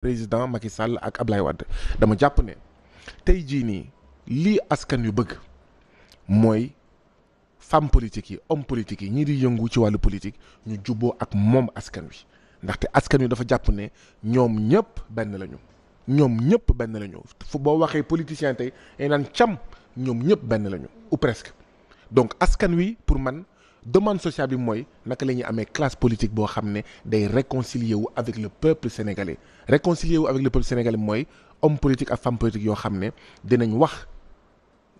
président Macky Sall ak Ablaye Wade dama jàpp ne tey jii nii lii askan yu bëgg mooy femme politique yi homme politique yi ñii di yëngu ci wàllu politique ñu jubboo ak moom askan wi ndaxte askan wi dafa jàpp ne ñoom ñëpp benn lañu ñoom ñëpp benn lañu fu boo waxee politicien tey naan cam ñoom ñëpp benn lañu ou presque donc askan wi pour man. demande sociale bi mooy naka la ñuy amee classe politique boo xam ne day réconcilier wu avec le peuple sénégalais réconcilier wu avec le peuple sénégalais mooy homme politique ak femme politique yoo xam ne dinañ wax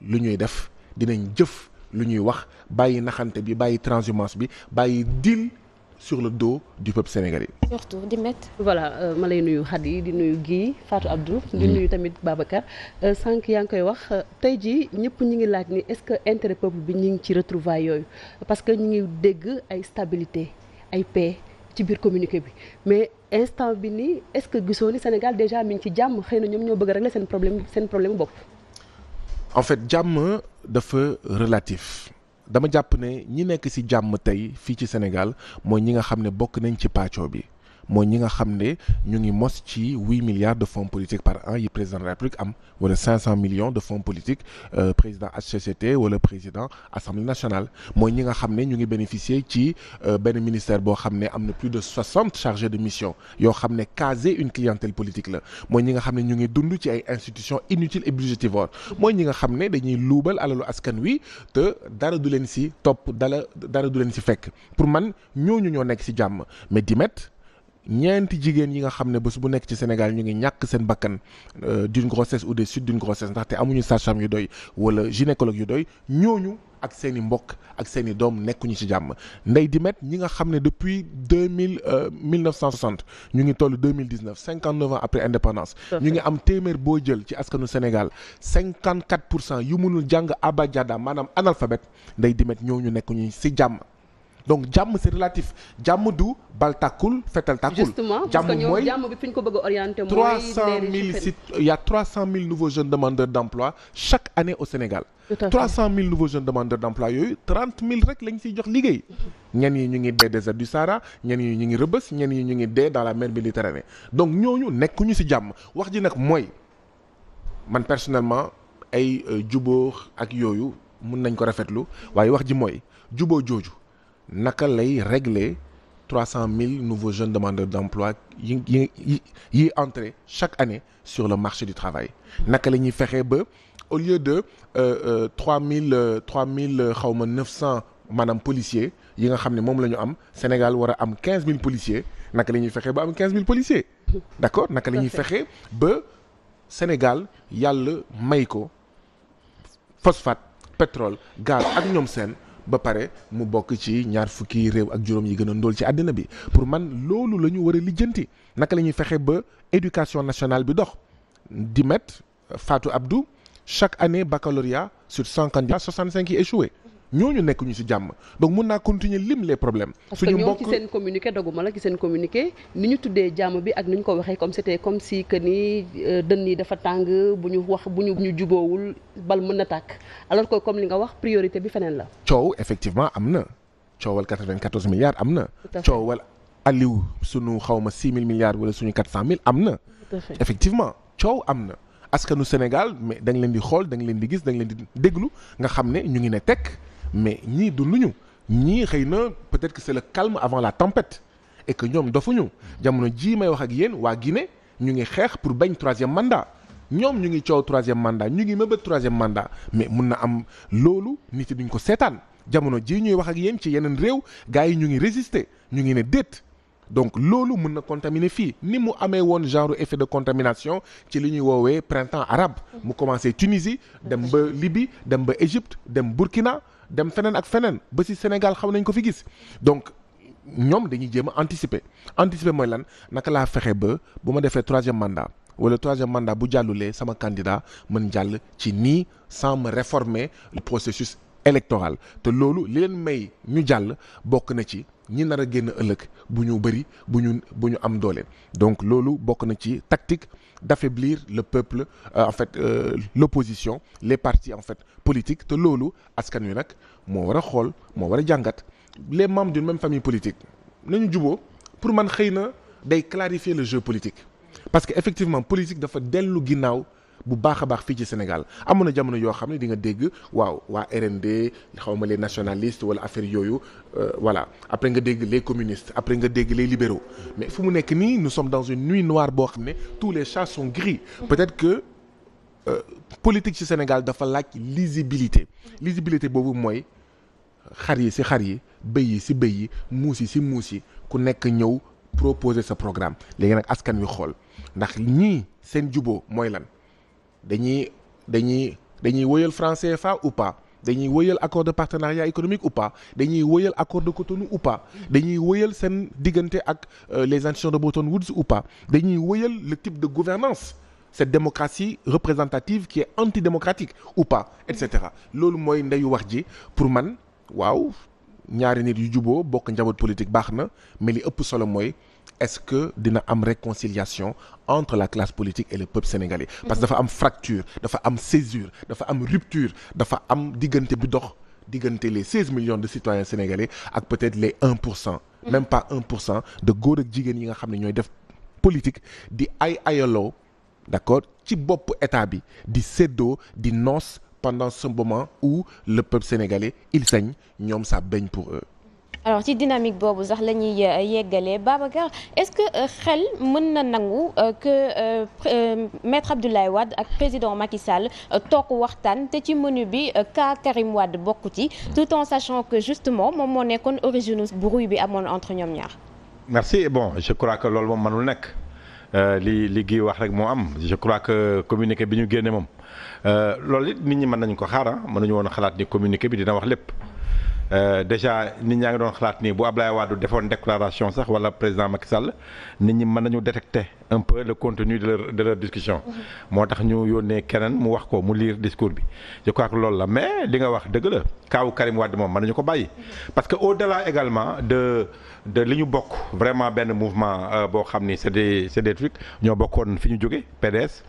lu ñuy def dinañ jëf lu ñuy wax bàyyi naxante bi bàyyi transhumance bi bàyyi deal sur le dos du peuple sénégalais. surtout di métti. voilà euh, ma lay nuyu Khady di nuyu Guy Fatou Abdou. Mm-hmm. nuyu tamit Babacar euh, sànq yaa ngi koy wax euh, tey jii ñëpp ñu ngi laaj ni est-ce que intérêt peuple bi ñu ngi ci retrouvailles yooyu parce que ñu ngi dégg ay stabilité ay paix ci biir communiqué bi mais instant bi ni est-ce que gisoo ni Sénégal déjà mi ngi ci jàmm xëy na ñoom ñoo bëgg a régler seen problème seen problème bopp. en fait jàmm dafa relatif. dama jàpp ne ñi nekk ci jàmm tey fii ci Sénégal mooy ñi nga xam ne bokk nañ ci pàccoo bi mooy ñi nga xam ne ñu ngi mos ci huit milliards de fonds politiques par an yi président de la République am wala cinq cent millions de fonds politiques euh, président HCCT wala président assemblée nationale mooy ñi nga xam ne ñu ngi bénéficier ci euh, benn ministère boo xam ne am na plus de soixante chargés de mission yoo xam ne caser une clientèle politique la mooy ñi nga xam ne ñu ngi dund ci ay institutions inutiles et budgétivores mooy ñi nga xam ne dañuy luubal alalu askan wi te dara du leen si topp dala dara du leen si fekk pour man ñooñu ñoo nekk si jàmm mais ñeenti jigéen yi nga xam ne bés bu nekk ci Sénégal ñu ngi ñàkk seen bakkan euh, d'une grossesse ou de suite d'une grossesse ndaxte amuñu sage-femme yu doy wala gynécologue yu doy ñu ak seen i mbokk ak seen i doom nekkuñu ci jàmm ndey di met ñi nga xam ne depuis deux mille euh, mille neuf cent soixante ñu ngi toll deux mille dix neuf cinquante neuf ans après indépendance. ñu ngi am téeméer boo jël ci askanu Sénégal cinquante quatre pour cent yu mënul jàng abajada maanaam analphabète ndey di met ñooñu nekkuñu ci jàmm. donc jàmm c'est relatif jàmm du bal tàkkul fetal tàkkul. justement jàmm mooy jàmm bi fi ñu ko bëgg a orienté. mooy 300000 sites il y a 300000 nouveaux jeunes demandeurs d'emploi chaque année au Sénégal. tout cent fait 300000 nouveaux jeunes demandeurs d'emploi yooyu 30000 rek lañ siy jox liggéey. ñenn yi ñu ngi dee désert du Sahara ñenn yi ñu ngi Rebeuss ñenn yi ñu ngi dee dans la mer Méditerranée donc ñooñu nekkuñu si jàmm wax ji nag mooy man personnellement ay euh, jubóo ak yooyu mun nañ ko rafetlu waaye wax ji mooy jubóo jooju. naka lay régler trois cent mille nouveaux jeunes demandeurs d'emploi yi yi yi yi entrer chaque année sur le marché du travail naka la ñuy fexee ba au lieu de euh, euh, trois mille euh, trois mille xaw ma neuf cent maanaam policiers yi nga xam ne moom la ñu am Sénégal war a am quinze mille policiers naka la ñuy fexee ba am quinze mille policiers d'accord naka la ñuy fexee ba Sénégal yàlla may ko phosphate pétrole gaz ak ñoom seen ba pare mu bokk ci ñaar fukki réew ak juróom yi gën a ndóol ci àddina bi pour man loolu la ñu war a lijjanti naka la ñuy fexe ba éducation nationale bi dox di met faatu Abdou chaque année baccalauréat sur cent candidats soixante cinq yi échoué ñooñu nekk ñu ci jàmm donc mun naa continuer lim les problème suñu parce que ñoom ci seen communiqué doguma la ci seen communiqué ni ñu tuddee jàmm bi ak ni ñu ko waxee comme c'était comme si que ni euh, dënn yi dafa tàng bu ñu wax bu ñu ñu juboowul bal mën na tàkk alors que comme li nga wax priorité bi feneen la. coow effectivement am na coowal 94 milliards am na. coowal Aliou sunu xawma 6 000 milliards wala suñu cent 000 am na. effectivement coow am na askanu Sénégal mais dañ leen di xool dañ leen di gis dañ leen di déglu nga xam ne ñu ngi ne tekk mais ñii du luñu ñii xëy na peut-être que c'est le calme avant la tempête et que ñoom dofuñu jamono jii may wax ak yéen waa Guinée ñu ngi xeex pour bañ troisième mandat ñoom ñu ngi coow troisième mandat ñu ngi mëbët troisième mandat mais mun na am loolu nit yi duñ ko seetaan jamono jii ñuy wax ak yéen ci yeneen réew gars yi ñu ngi résister ñu ngi ne déet donc loolu mun na contaminer fii ni mu amee woon genre effet de contamination ci li ñuy woowee printemps arabe mu commencé Tunisie dem ba Libye dem ba Égypte dem Burkina dem feneen ak feneen ba ci Sénégal xaw nañ ko fi gis donc ñoom dañuy jéem a anticiper anticiper mooy lan naka laa fexe ba bu ma defee troisième mandat wala troisième mandat bu jàllulee sama candidat mën jàll ci nii sans réformer le processus électoral te loolu leen may ñu jàll bokk na ci ñi nar a génn ëllëg bu ñu bëri bu ñu bu ñu am doolee donc loolu bokk na ci tactique d'affaiblir le peuple euh, en fait euh, l'opposition les partis en fait politiques te loolu askan wi nag moo war a xool moo war a jàngat les membres d'une même famille politique nañu juboo pour man xëy na day clarifier le jeu politique parce que effectivement politique dafa dellu ginnaaw bu baax a baax fii ci Sénégal amoon na jamono yoo xam ne di nga dégg waaw waa RND xaw ma les nationalistes wala affaire yooyu euh, voilà après nga dégg les communiste après nga dégg les libéro mais fu mu nekk nii nous sommes dans une nuit noire boo xam ne tous les chats sont gris peut-être que euh, politique ci Sénégal dafa laaj lisibilité lisibilité boobu mooy xar yi si xar yi bëy yi si bëy yi muus yi si muus yi ku nekk ñëw proposer sa programme léegi nag askan wi xool ndax ñii seen juboo mooy lan dañuy dañuy dañuy wëyal français CFA ou dañuy wëyal accord de partenariat économique ou pas dañuy wëyal accord de Cotonou ou dañuy wëyal seen diggante ak euh, les institutions de Bretton Woods ou pas dañuy wëyal le type de gouvernance cette démocratie représentative ki est antidémocratique ou pas et cetera loolu mooy ndeyu wax ji pour man waaw ñaari nit yu juboo bokk njaboot politique baax na mais li ëpp solo mooy est-ce que dina am réconciliation entre la classe politique et le peuple sénégalais parce que dafa am fracture dafa am césure dafa am rupture dafa am diggante bi dox diggante les 16 millions de citoyens sénégalais ak peut-être les 1 pour cent même pas 1 pour cent de góor ak jigéen yi nga xam ne ñooy def politique di ay ayaloo d'accord ci bopp état bi di séddoo di noos pendant ce moment ou le peuple sénégalais il saigne ñoom ça baigne pour eux alors ci dynamique boobu sax la ñuy euh, yeggalee Babacar est-ce que euh, xel mën na nangu euh, que maître Abdoulaye Wade ak président Macky Sall toog waxtaan te ci menu bi ka Karim Wade bokk ci tout en sachant que justement moom moo nekkoon origine bruit bi amoon entre ñoom ñaar. merci et bon je crois que loolu moom mënul nekk. li li gi wax rek moo am je crois que communiqué bi ñu génne moom loolu it nit ñi mën nañu ko xaar ah mënuñu woon xalaat ni communiqué bi dina wax Euh, déjà nit ñaa ngi doon xalaat nii bu Ablaye Wade defoon déclaration sax wala président Macky Sall nit ñi mën nañu détecter un peu le contenu de leur de leur discussion. Mhm. moo tax ñu yónnee keneen mu wax ko mu lire discours bi je crois que loolu la mais li nga wax dëgg la kaawu Karim Wade moom mën nañu ko bàyyi. Mhm. parce que au delà également de de li ñu bokk vraiment benn mouvement euh, boo xam ni c'est des c'est des trucs ñoo bokkoon fi ñu jóge PDS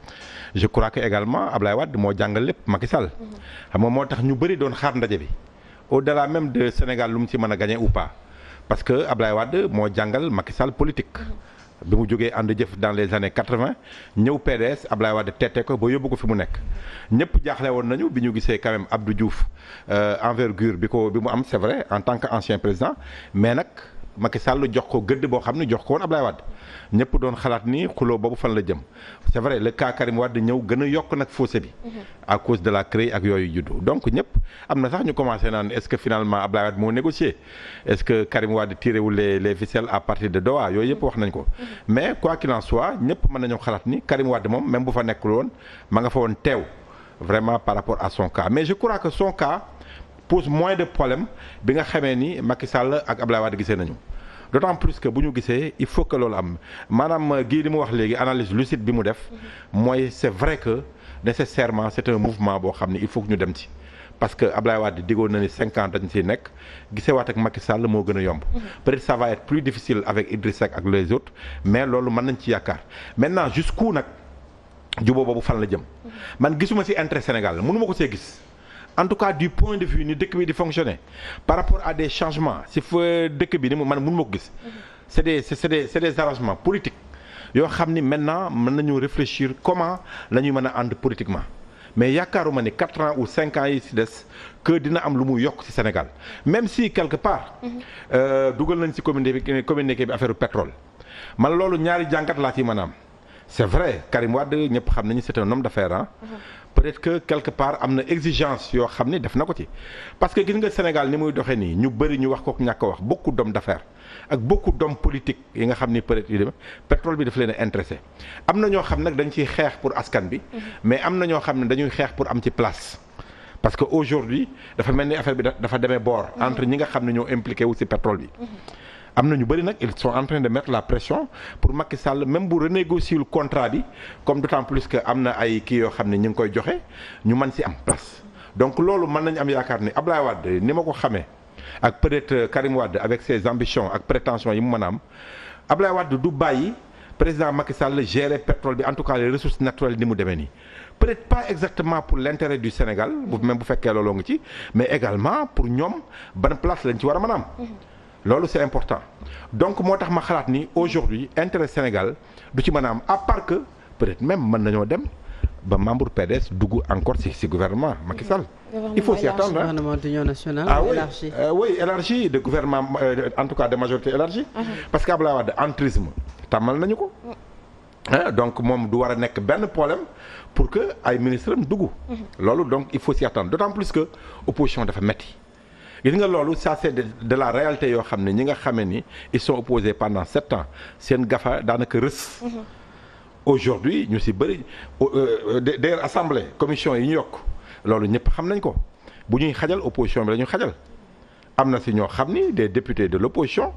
je crois que également Ablaye moo jàngal lépp Macky Sall. Mhm. xam moo tax ñu bëri doon xaar ndaje bi. au-delà même de Sénégal lu ci mën a gagné ou pas parce que Ablaye Wade moo jàngal Macky Sall politique. bi mu jógee ànd jëf dans les années quatre-vingt ñëw PDS Ablaye Wade teete ko ba yóbbu ko fi mu nekk ñëpp jaaxle woon nañu bi ñu gisee quand même Abdou Diouf euh, envergure bi ko bi mu am c'est en tant que ancien président mais nag. Macky Sall jox ko gëdd boo xam ne jox ko woon Ablaye Wade ñëpp doon xalaat ni xuloo boobu fan la jëm c'est vrai le cas Karim Wade ñëw gën a yokk nag fossé bi. Mm-hmm. à cause de la CREI ak yooyu juddu donc ñëpp am na sax ñu commencé naan est-ce que finalement Ablaye Wade moo négocié est-ce que Karim Wade tiré wu les les ficelles à partir de Doha yooyu yëpp wax nañ ko. Mm-hmm. mais quoi qu'il en soit ñëpp mën xalaat ni Karim Wade moom même bu fa nekkul woon pose moins de problème bi nga xamee ni Macky Sall ak Abdoulaye Wade gisee nañu d'autant plus que bu ñu gisee il faut que loolu am maanaam euh, gii li mu wax léegi analyse lucide bi mu def mooy c'est vrai que nécessairement c'est un mouvement boo xam ne il faut que ñu dem ci parce que Ablaye Wade digoon na ni cinq ans dañ siy nekk gisewaat ak Macky Sall moo gën a yomb. Mm-hmm. peut-être ça va être plus difficile avec Idrissa Seck ak les autres mais loolu mën nañ ci yaakaar maintenant jusqu'où nag jubóo boobu fan la jëm. Mm-hmm. man gisuma si intérêt Sénégal mënu ma ko see gis. en tout cas du point de vue ni dëkk bi di fonctionner par rapport à des changements si fa dëkk bi ni mu man mun ma ko gis c'est des c'est des c'est des arrangements politiques yoo xam ni maintenant mën nañu réfléchir comment la ñuy mën a ànd politiquement mais yaakaaruma ni quatre ans ou cinq ans yi si des que dina am lu mu yokk ci Sénégal même si quelque part. Mm-hmm. Euh, dugal nañ si communiqué bi communiqué bi affaire pétrole man loolu ñaari jàngat laa ci mën a am c'est vrai Karim Wade ñëpp xam nañu c'est un homme d'affaires ah. peut-être que quelque part am na exigence yoo xam ni def na ko ci. parce que gis nga Sénégal ni muy doxee nii ñu bëri ñu wax ko ñàkk a wax beaucoup d'hommes d'affaires ak beaucoup d'hommes politiques yi nga xam ni peut-être yu demee pétrole bi daf leen a am na ñoo xam nag dañ ciy xeex pour askan bi. Mm-hmm. mais am na ñoo xam ne dañuy xeex pour am ci place. parce que aujourd'hui dafa mel ni affaire bi dafa demee boor. Mm-hmm. entre ñi nga xam ne ñoo impliqué wu ci pétrole am na ñu bëri nag il sont en train de mettre la pression pour Macky Sall même bu renégocier le contrat bi comme d'autant plus que am na ay kii yoo xam ne ñu ngi koy joxe ñu man si am place donc loolu mën nañu am yaakaar ni ab Ablaye Wade ni ma ko xamee ak peut-être Karim Wade avec ses ambitions ak prétentions yi mu mën a am Ablaye Wade du bàyyi président Macky Sall pétrole bi en tout cas les ressources naturelles ni mu demee nii. peut-être pas exactement pour l'intérêt du Sénégal même bu fekkee looloo ngi également pour ñoom ban place ci war a mën a am. Mmh. loolu c'est important donc moo tax ma xalaat ni aujourd'hui intérêt Sénégal du ci mën a am à part que peut-être même mën nañoo dem ba membre PDS dugg encore ci ci gouvernement Macky Sall. il faut s'y attendre ah gouvernement d'union nationale. ah oui élargi euh, oui de gouvernement euh, en tout cas de majorité élargie. parce que Abdoulaye Wade entrisme tàmmal nañu ko. donc moom du war a nekk benn problème pour que ay ministres am dugg. loolu donc il faut s'y attendre d'autant plus que opposition dafa metti gis nga loolu ça c'est de la réalité yoo xam ne ñi nga xamee ni ils sont pendant sept ans seen gafa daanaka rës. Mm-hmm. aujourd'hui ñu si euh, euh, de d'ailleurs assemblée commission yi ñu yokk loolu ñëpp xam nañ ko bu ñuy xajal opposition bi la ñu xajal. am na si ñoo xam ni des députés de l'opposition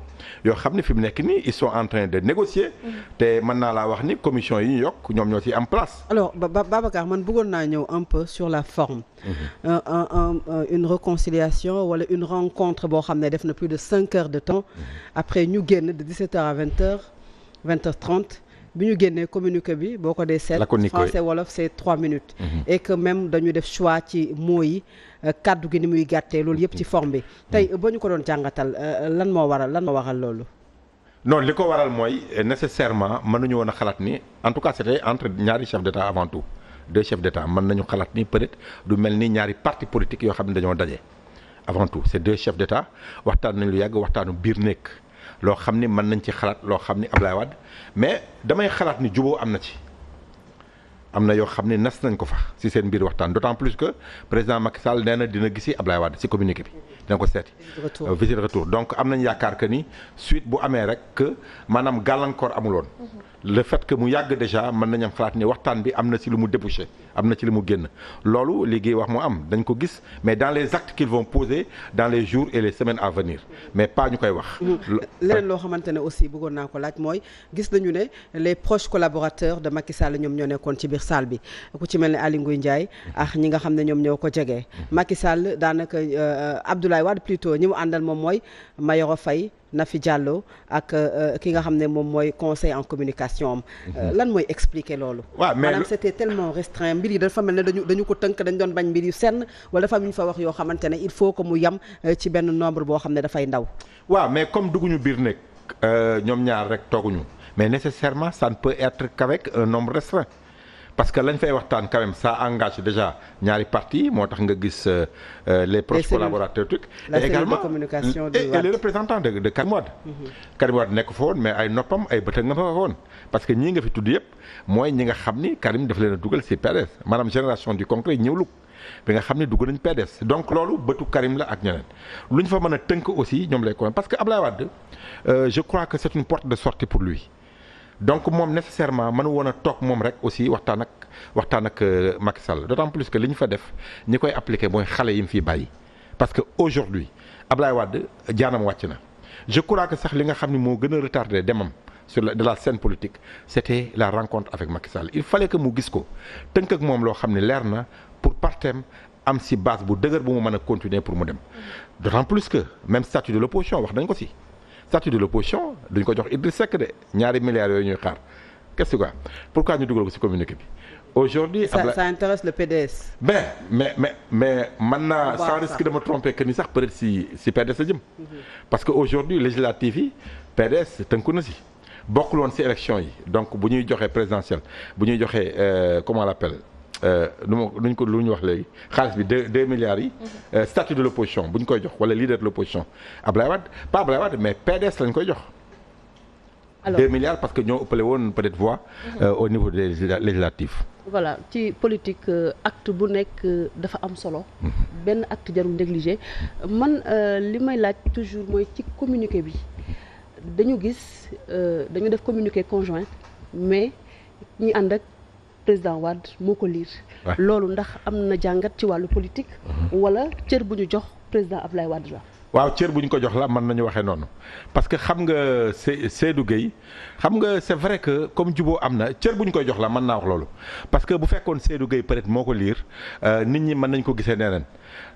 yoo xam ni fi mu nekk nii ils sont en train de négocier. Mm-hmm. te mën naa laa wax ni commission yi ñoom ñoo ci am place. alors man bëggoon naa ñëw un peu sur la forme. Mm-hmm. Euh, une réconciliation wala une rencontre boo xam ne def na plus de heures de temps mm-hmm. après ñu génn de heures à heures bi ñu génnee communiqué bi boo ko dee seet français wolof c'est trois minutes mhm. et que même dañu def choix ci mots yi euh, kàddu gi ni muy gàttee loolu yëpp ci forme bi mhm. tey ba ñu ko doon jàngatal euh, lan moo waral lan moo waxal loolu non li ko waral mooy euh, nécessairement mënuñu woon a xalaat ni en tout cas c'était entre ñaari chefs d'état avant tout deux chefs d'état mën nañu xalaat ni për être du mel ni ñaari parti politique yoo xam ne dañoo daje avant tout ces deux chefs d'état waxtaan nañ lu yàgg waxtaanu biir nekk loo xam ni mën nañ ci xalaat loo xam ni Ablaye Wade mais damay xalaat ni juboo am na ci am na yoo xam ni nas nañ ko fa si seen mbir waxtaan d' autant que président Macky Sall nee na dina gisi Ablaye Wade si communiqué bi dina ko seeti. visite retour euh, donc am nañ yaakaar que ni suite bu amee rek que maanaam gàllankoor amuloon. le fait que mu yàgg déjà mën nañ am xalaat ni waxtaan bi am na ci lu mu débouché am na ci lu mu génn loolu liggéey wax mu am dañ ko gis mais dans les actes qu'ils vont poser dans les jours et les semaines à venir mais pas ñu koy wax. leneen loo xamante ne aussi bëggoon naa ko laaj mooy gis nañu ne les proches collaborateurs de Macky Sall ñoom ñoo nekkoon ci biir salle bi ku ci ñoom ñoo ko jege mm. Abdoulaye Wade plutôt ñi àndal moom mooy Mayoro Faye Nafi Diallo ak euh, ki nga xam ne moom mooy conseil en communication am. Mhm. Euh, lan mooy expliquer loolu. waaw mais maanaam c'était tellement restreint mbir yi dafa mel ne dañu dañu ko tënk dañ doon bañ mbir yu senn wala dafa am ñu fa wax yoo xamante ne il faut que mu yam euh, ci benn nombre boo xam ne dafay ndaw. waa mais comme dugguñu biir nekk ñoom ñaar rek tooguñu mais nécessairement ça ne peut être qu'avec un nombre restreint. parce que lañ fay waxtaan quand même ça engage déjà ñaari parti moo tax nga gis euh, euh, les proches collaborateurs truc et également et les représentants de de mhm. Karim Wade nekk fa woon mais ay noppam ay bëtëg nga fa woon parce que ñii nga fi tudd yëpp mooy ñi nga xam ni Karim daf leen a dugal si PDS maanaam génération du concret ñëwlu bi nga xam ne dugg nañ PDS donc loolu bëtu Karim la ak ñeneen lu ñu fa mën a tënk aussi ñoom lay ko parce que Ablaye Wade euh, je crois que de sortie pour lui donc moom nécessairement mënu woon a toog moom rek aussi waxtaan ak waxtaan ak euh, Macky Sall d'autant plus que li ñu fa def ñi koy appliquer mooy xale yi mu fiy bàyyi. parce que aujourd'hui Ablaye Wade jaanam wàcc na je crois que sax li nga xam ne moo gën a retardé demam sur la de la scène politique c'était la rencontre avec Macky Sall il fallait que mu gis ko tënk ak moom loo xam ne leer na pour partem am si base bu dëgër bu mu mën a continuer pour mu dem d'autant plus que même statut de l'opposition wax nañ ko si. statut de l'opposition duñ ko jox Idriss Seck de ñaari milliards yooyu ñuy xaar qu'est-ce que pourquoi ñu dugal ko ci communiqué bi aujourd'hui ça, ça intéresse le PDS ben mais mais mais man naa sans risque de me tromper que ni sax peut-être si si PDS la jëm mhm. parce que aujourd'hui législative yi PDS tënku na si bokkul woon si élection yi donc bu ñuy joxee présidentielle bu ñuy joxe euh, comment on l'appelle Euh, nu ma nuñ ko lu ñu wax léegi xaalis bi deux deux milliards yi. Mhm. Euh, statut de l' opposition koy jox wala leader de l' opposition Ablaye Wade pas Ablaye koy jox. alors deux parce que ñoo ëppale woon peut-être voix. Mhm. Euh, au niveau des législatives. voilà ci politique acte bu nekk dafa am solo. Mhm. benn acte jarul négligé man li may laaj toujours mooy ci communiqué bi dañu gis dañu def communiqué conjoint mais ñu ànd ak. président Wade moo ko liir. loolu ndax am na jàngat ci wàllu politique. Mhm. wala cër bu ñu jox président Ablaye Wade la. waaw cër bu ñu ko jox la mën nañu waxee noonu parce que xam nga Seydou Gueye xam nga c'est vrai que comme juboo am na cër bu ñu koy jox la mën naa wax loolu parce que bu fekkoon Seydou Gueye peut-être moo ko liir euh, nit ñi mën nañ ko gisee neneen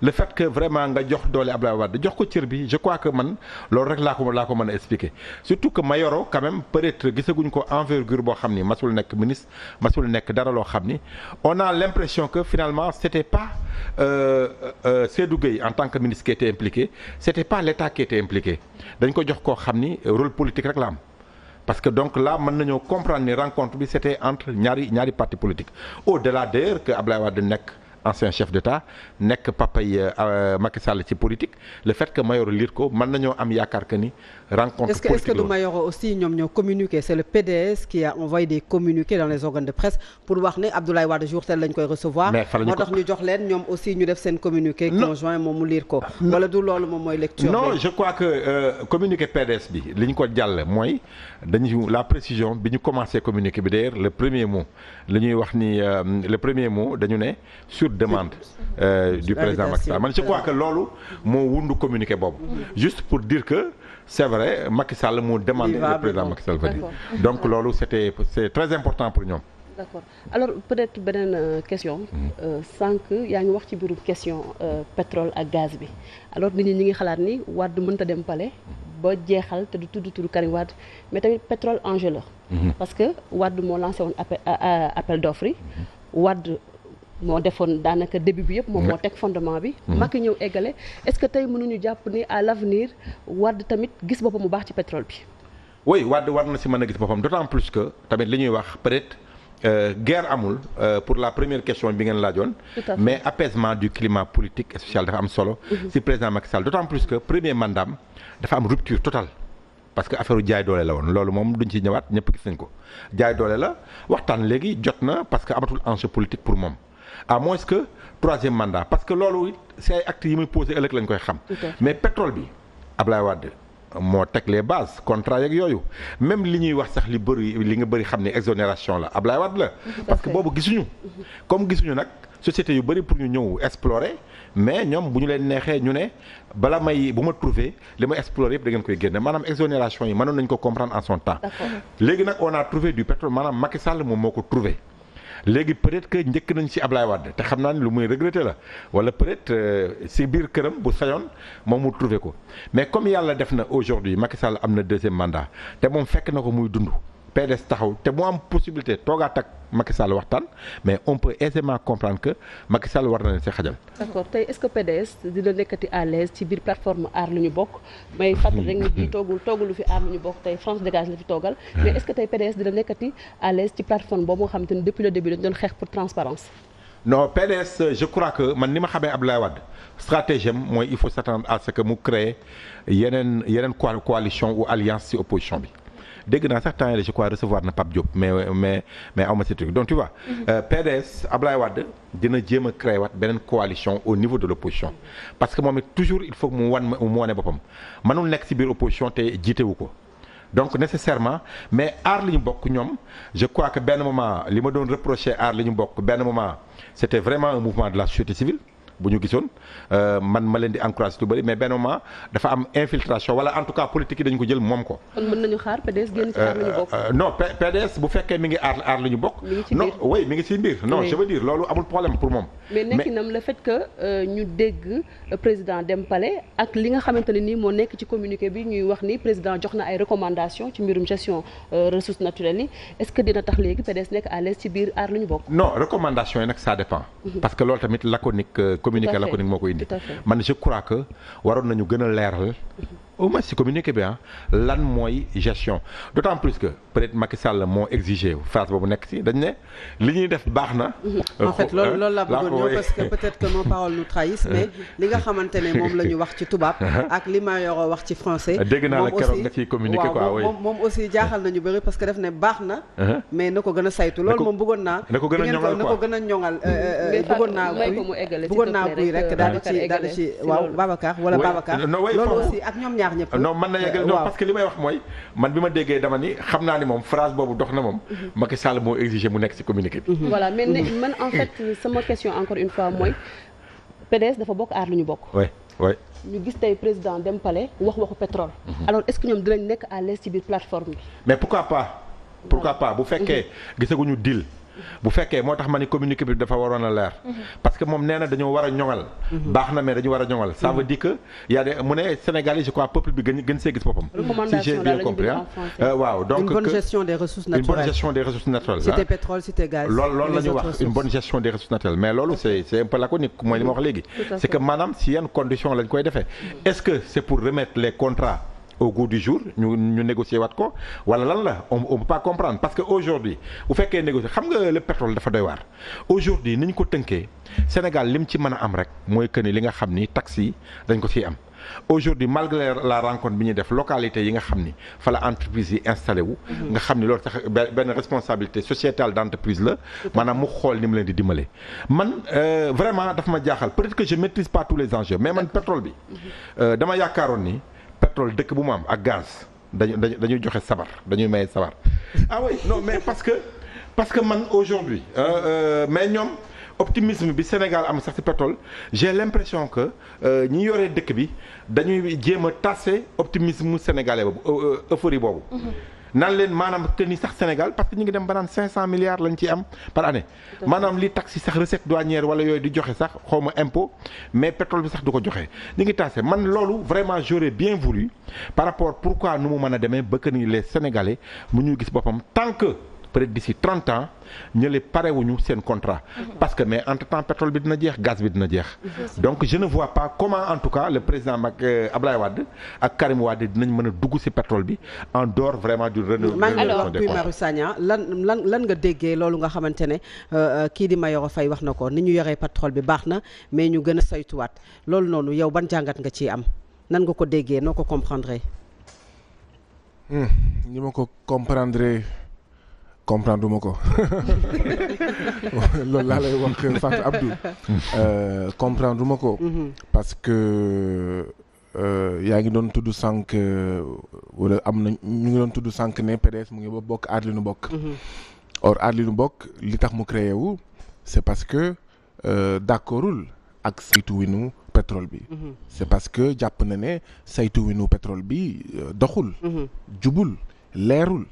le fait que vraiment nga jox doole Abdoulaye Wade jox ko cër bi je crois que man loolu rek laa ko laa ko mën a expliquer surtout que Mayoro quand même peut-être gisaguñ ko envergure boo xam ni masul nekk ministre masul nekk dara loo xam ni on a l'impression que finalement c'était pas euh, euh, Seydou Gueye en tant que ministre qui était impliqué c'était pas l'État qui était impliqué dañ ko jox ko xam ni rôle politique rek la am parce que donc là mën nañoo comprendre ni rencontre bi c'était entre ñaari ñaari parti politique au-delà d'ailleurs que Abdoulaye Wade nekk ancien chef d'État nekk papay euh, Macky Sall ci politique le fait que Mayoro liir ko mën nañoo am yaakaar que ni rencontre est-ce que est-ce que du Mayoro aussi ñoom ñoo communiqué c'est le PDS qui a envoyé des communiqués dans les organes de presse pour wax ne Abdoulaye Wade jour tel lañ koy recevoir moo tax ñu jox leen ñoom aussi ñu def seen communiqué conjoint moom mu lire ko wala du loolu moom mooy lecture non je crois que euh, PDS bi li ñu ko jàll mooy dañu la précision bi ñu commencé communiqué bi d'ailleurs le premier mot li ñuy wax ni euh, le premier mot dañu ne sur demande euh, du président Macky Sall man je que loolu moo wundu communiqué boobu mm-hmm. c' est vrai Macky Sall moo demandé le président Macky Sall va dire donc loolu c' était c' est très important pour ñoom. d' alors peut beneen euh, question. Hmm. Euh, sànq yaa ngi wax ci biirum question euh, pétrole ak gaz bi alors nit ñi ñi ngi xalaat ni Wade mënta dem pale ba jeexal te du tudd tudd Karim Wade mais tamit pétrole enjeu la. Hmm. parce que wadd moo lancé woon appel appel d' offre moo defoon daanaka début bi yëpp moom moo teg fondement bi mm-hmm. Macky ñëw eggale est-ce que tey ñu jàpp ni à l'avenir Wade tamit gis boppam bu baax ci pétrole bi oui Wade war na si mën a gis boppam d'autant plus que tamit li ñuy wax peut-être Euh, guerre amul euh, pour la première question bi ngeen laajoon mais apaisement du climat politique et dafa am solo mm-hmm. si président Macky Sall d'autant plus que premier mandat dafa am rupture totale parce que affaire jaay doole la woon loolu moom duñ ci ñëwaat ñëpp gis nañ ko léegi jot na parce que amatul enjeu politique pour moom à moins que troisième mandat parce que loolu si ay actes yi muy posé ëllëg lañu koy xam. mais pétrole bi Ablaye Wade moo teg lee bases contrat yeeg yooyu même li ñuy wax sax li bëri li nga bëri xam ne exonération la ab Ablaye Wade la. parce que boobu gisuñu. comme gisuñu nag société yu bari pour ñu ñëw explorer mais ñoom bu ñu leen neexee ñu ne bala may bu ma trouvé li ma explorer yëpp da ngeen koy génne maanaam exonération yi mënoon nañ ko comprendre en son temps. léegi nag a trouvé du pétrole maanaam Macky Sall moom moo ko trouvé. léegi peut-être que njëkk nañ ci Ablaye Wade te xam naa ni lu muy regretter la wala peut-être euh, ci biir këram bu sañoon moom mu trouvé ko mais comme yàlla def na aujourd'hui Macky Sall am na deuxième mandat te moom fekk na ko muy dund PDS taxaw te mu am possibilité toogaat ak Macky Sall waxtaan mais on peut aisément comprendre que Macky Sall war na leen si xajal. d'accord tey est-ce que PDS dina nekkati à l'aise ci plateforme aar lu ñu bokk. may fàttali rek ni bii toogul fi aar lu ñu bokk tey France dégage la fi toogal. mais est-ce que tey PDS dina nekkati à l'aise ci plateforme boobu nga xam te depuis le début doon xeex pour transparence non PDS je crois que man ni ma xamee Abdoulaye Wade stratégie mooy il faut s'attendre à ce que mu crée yeneen yeneen coalition ou alliance ci opposition bi. dégg naa sax temps yii je crois recevoir na Pape Diop mais mais mais aw ma si donc tu vois. Mhm. Euh, PDS Ablaye Wade dina jéem a créé waat beneen coalition au niveau de l' opposition. parce que moom it toujours il faut mu wan mu wane boppam mënul nekk si biir opposition te jiitewu ko. donc nécessairement mais aar li ñu bokk ñoom je crois que benn moment li ma doon reproché aar li ñu bokk benn moment c' était vraiment un mouvement de la société civile. bu ñu gisoon euh, man ma leen di encouragé lu bëri mais benn moment dafa am infiltration wala en tout cas politique yi dañu ko jël moom ko. kon mën nañu xaar PDS génn ci aar lu ñu bokk. Euh, euh, non PDS mi ngi ñu bokk. mi ngi ci mi ngi ci biir non je veux dire moom. mais nekkinam le fait que ñu dégg président dem li nga xamante ne nii moo nekk ci communiqué bi ñuy wax ni président jox na ay recommandations ci mbirum gestion ressources naturelles yi est-ce que dina tax léegi PDS nekk à l'aise ci biir aar yi nag ça dépend. Mhm. parce que loolu tamit laconique. communiqué la ko moo ko indi man je crois que waroon nañu gën a leeral mhm. au moins si communiqué bi ah lan mooy gestion d' autant plus que peut-être Macky Sall moo exigé phrase boobu nekk si dañ ne li ñuy def baax na. Mhm. en fait loolu euh, loolu laa bëggoon ñëw parce que peut-être que nos paroles nous trahissent mais li nga xamante ne moom la wax ci tubaab. Uh-huh. ak li ma yoroo wax ci français. Euh, dégg naa la keroog nga ciy communiqué quoi oui moom aussi jaaxal nañu bëri parce que def ne baax na. Uh-huh. mais na ko gën a saytu loolu moom bëggoon naa. na ko gën a ñoŋal quoi na ko gën a ñoŋal. naa euh, buy bëggoon naa buy rek daal di ci daal ñaar ñëpp. non man na yeggal non parce que li may wax mooy man bi ma déggee dama ni xam naa ni moom phrase boobu dox na moom. Mhm. Macky Sall moo exigé mu nekk ci communiqué bi. Mhm. voilà mais mhm. man en fait sama question encore une fois mooy PDS dafa bokk aar lu ñu bokk. oui oui. ñu gis tey président dem palais wax waxu pétrole. alors est ñoom dinañ nekk à ci biir plateforme bi. mais pourquoi pas. pourquoi pas bu fekkee gisaguñu deal. bu fekkee moo tax ma ni communiqué bi dafa waroon a leer. Mhm. parce que moom nee na war a ñoŋal. Mhm. baax na mais dañu war a ñoŋal. ça veut mhm. dire que y a mu ne Sénégal yi peuple bi gën gën see gis boppam. si j'ai bien compris euh, waaw donc une bonne gestion des ressources naturelles une bonne pétrole c'était gaz. loolu loolu la ñu wax une bonne gestion des ressources naturelles mais loolu c'est c'est un peu laconique mooy li ma wax léegi. c'est que maanaam si au goût du jour ñu ñu négocier waat ko wala lan la on on peut pas comprendre parce que aujourd'hui bu fekkee négocier xam nga le pétrole dafa doy waar. aujourd'hui ni ñu ko tënkee Sénégal lim ci mën a am rek mooy que ni li nga xam ni taxes yi dañ ko ciy am. aujourd'hui malgré la rencontre bi ñu def localité yi nga xam ni fa la entreprise yi installé wu. Mhm. nga xam ni loolu tax benn responsabilité sociétale d'entreprise la. maanaam mu xool ni mu leen di dimbale. man euh, vraiment daf ma jaaxal peut-être que je maîtrise les enjeux mais man pétrole bi. Mhm. Euh, dama yaakaaroon ni. pétrole dëkk bu mu am ak gaz dañu dañu dañuy joxe sabar dañuy maye sabar ah oui mais parce que parce que man aujourd'hui euh, euh, mais ñoom optimisme bi Sénégal am sax ci pétrole j'ai l'impression que euh, ñi yore dëkk bi dañuy jéem a tase optimisme sénégalais boobu euh, euphorie boobu mm-hmm. nan leen maanaam que sax Sénégal parce que ñu ngi dem ba naan 500 milliards lañ am par année. maanaam li tax si sax recette douanière wala yooyu di joxe sax xaw ma mais pétrole bi sax du ko joxe. ñu ngi taase man loolu vraiment j'aurais bien voulu par rapport pourquoi nu mu mën a demee ba que ni les mu ñu gis boppam tant que. peut-être d'ici trente ans ñële parewuñu seen contrat. parce que mais entre temps pétrole bi dina jeex gaz bi dina jeex. donc je vois pas comment en tout cas le président mag euh, Ablaye Wade ak Karim Wade dinañ mën a dugg ci pétrole bi en dehors vraiment du. renouvellement des comptes lan lan lan nga déggee loolu nga xamante ne euh, euh, kii di Mayoro Faye wax na ko ni ñu yoree pétrole bi baax na mais ñu gën a saytuwaat loolu noonu yow ban jàngat nga ciy am nan nga ko déggee noo ko comprendre. Hmm, ko comprendre. comprendre ma ko loolu laa lay wax Fatou Abdou euh, comprendre ma ko mhm. parce que euh, yaa ngi doon tudd sànq euh, wala am na ñu ngi doon tudd sànq ne PDS mu ngi ba bokk aar bokk mhm. or aar li bokk li tax mu créé wu c'est parce que d'accordul ak saytu winu pétrole bi mhm. c'est parce que jàpp na ne saytu winu pétrole bi doxul jubul leerul